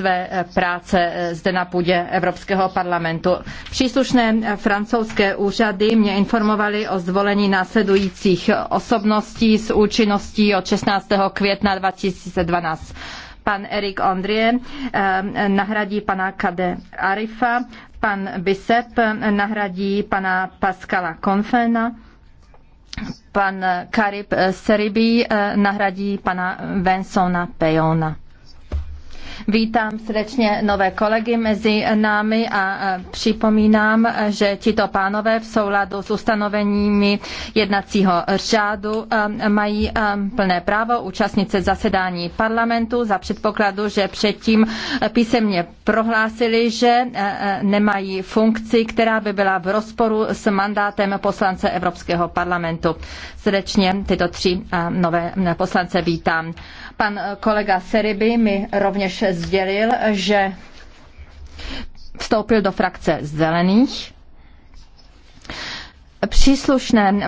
své eh, práce eh, zde na půdě Evropského parlamentu. Příslušné eh, francouzské úřady mě informovaly o zvolení následujících osobností s účinností od 16. května 2012. Pan Erik Ondrie nahradí pana Kade Arifa, pan Bisep nahradí pana Pascala Konfena, pan Karib Seribi nahradí pana Vensona Peona. Vítám srdečně nové kolegy mezi námi a připomínám, že tito pánové v souladu s ustanoveními jednacího řádu mají plné právo účastnit se zasedání parlamentu za předpokladu, že předtím písemně prohlásili, že nemají funkci, která by byla v rozporu s mandátem poslance Evropského parlamentu. Srdečně tyto tři nové poslance vítám. Pan kolega Seriby mi rovněž Babiše sdělil, že vstoupil do frakce zelených. Příslušné